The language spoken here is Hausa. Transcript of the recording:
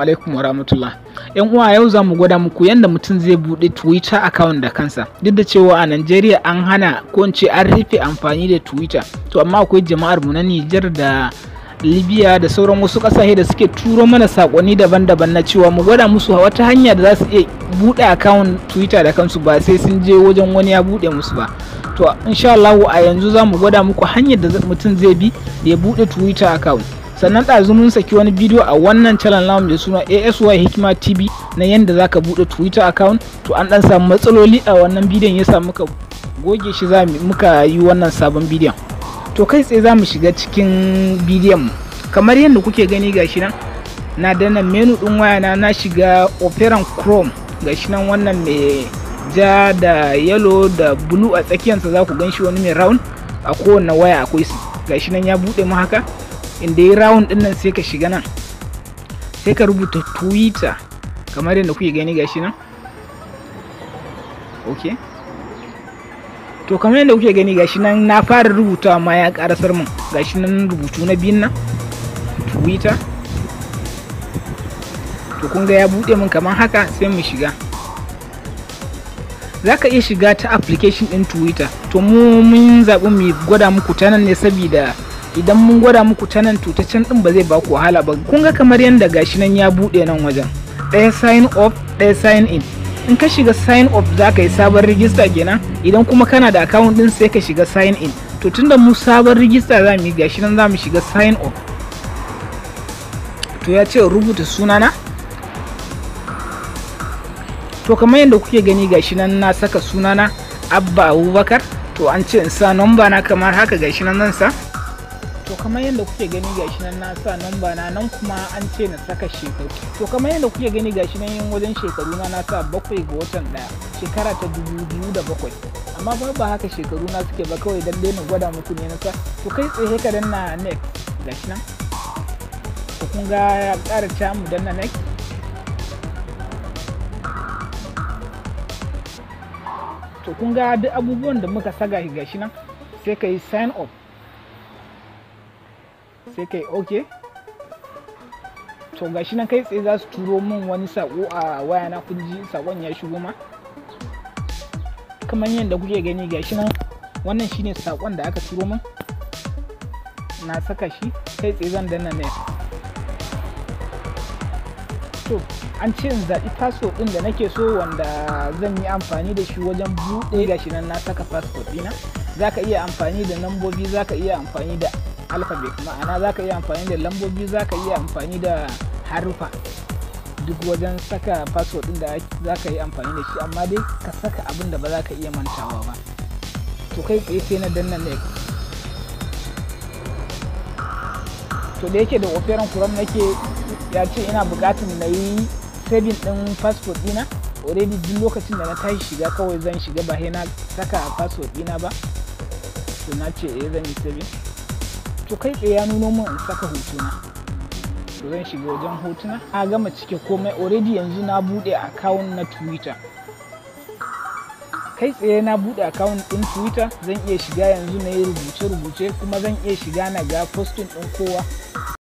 alaikum warahmatullah yan uwa yau za mu gwada muku yadda mutum zai buɗe twitter account da kansa duk da cewa a najeriya an hana ko ce an rufe amfani da twitter to amma akwai jama'ar mu na Niger da libya da sauran wasu ƙasashe da suke turo mana sakonni daban-daban na cewa mu gwada musu a wata hanya da za su iya buɗe account twitter da kansu ba sai sun je wajen wani ya buɗe musu ba to insha Allah a yanzu za mu gwada muku hanyar da mutum zai bi ya buɗe twitter account sannan ɗazu mun saki wani bidiyo a wannan channel namu mai suna asy hikima tv na yanda zaka buɗe twitter account to an ɗan samu matsaloli a wannan bidiyon yasa muka goge shi za muka yi wannan sabon bidiyon to kai tsaye za mu shiga cikin bidiyon kamar yadda kuke gani gashi nan na dana menu ɗin wayana na shiga operan chrome gashi nan wannan mai ja da yellow da blue a tsakiyarsa za ku ganshi wani mai round a kowane waya akwai su gashi nan ya buɗe mu haka inda ya rawun din nan sai ka shiga nan sai ka rubuta twitter kamar yadda kuke gani gashi nan ok to kamar yadda kuke gani gashi nan na fara rubutawa ma ya karasar mun gashi nan rubutu na biyun nan twitter to kun ga ya buɗe mun kamar haka sai mu shiga za ka iya shiga ta application din twitter to mu mun zaɓi mu gwada muku ta nan ne saboda idan mun gwada muku ta nan tutacen din ba zai ba ku wahala ba kun ga kamar yadda gashi nan ya buɗe nan wajen ɗaya sign up ɗaya sign in in ka shiga sign up za ka yi sabon rijista kenan idan kuma kana da account din sai ka shiga sign in to tunda mu sabon rijista za mu yi gashi nan za mu shiga sign up to ya ce rubuta sunana to kamar yadda kuke gani gashi nan na saka sunana abba abubakar to an ce in sa nomba na kamar haka gashi nan zan sa to kamar yadda kuke gani gashi nan na sa namba na nan kuma an ce na saka shekaru to kamar yadda kuke gani gashi nan yin wajen shekaru na na sa bakwai ga watan daya shekara ta dubu biyu da bakwai amma ba ba haka shekaru na suke ba kawai dan na gwada muku ne na sa to kai tsaye ka danna next gashi nan to kun ga ya kara ta mu danna nek to kun ga duk abubuwan da muka saga gashi nan sai ka yi sign up sai kai ok to gashi nan kai tsaye za su turo min wani sako a waya na kun ji sakon ya shigo ma kamar yadda kuke gani gashi nan wannan shine sakon da aka turo min na saka shi kai tsaye zan danna ne to an ce in zaɓi fasfot ɗin da nake so wanda zan yi amfani da shi wajen buɗe gashi nan na saka fasfot ɗina za ka iya amfani da nambobi za ka iya amfani da alphabet ma'ana za ka iya amfani da lambobi za ka iya amfani da harufa duk wajen saka password ɗin da za ka yi amfani da shi amma dai ka saka abin da ba za ka iya mantawa ba to kai yi sai na danna next to da yake da operan na nake ya ce ina bukatan na yi saving ɗin password ɗina already duk lokacin da na tashi shiga kawai zan shiga ba na saka password ɗina ba to na ce eh zan yi saving to kai tsaye ya nuno min in saka hotuna to zan shiga wajen hotuna a gama cike komai already yanzu na bude account na twitter kai tsaye na bude account ɗin twitter zan iya shiga yanzu na yi rubuce-rubuce kuma zan iya shiga na ga posting ɗin kowa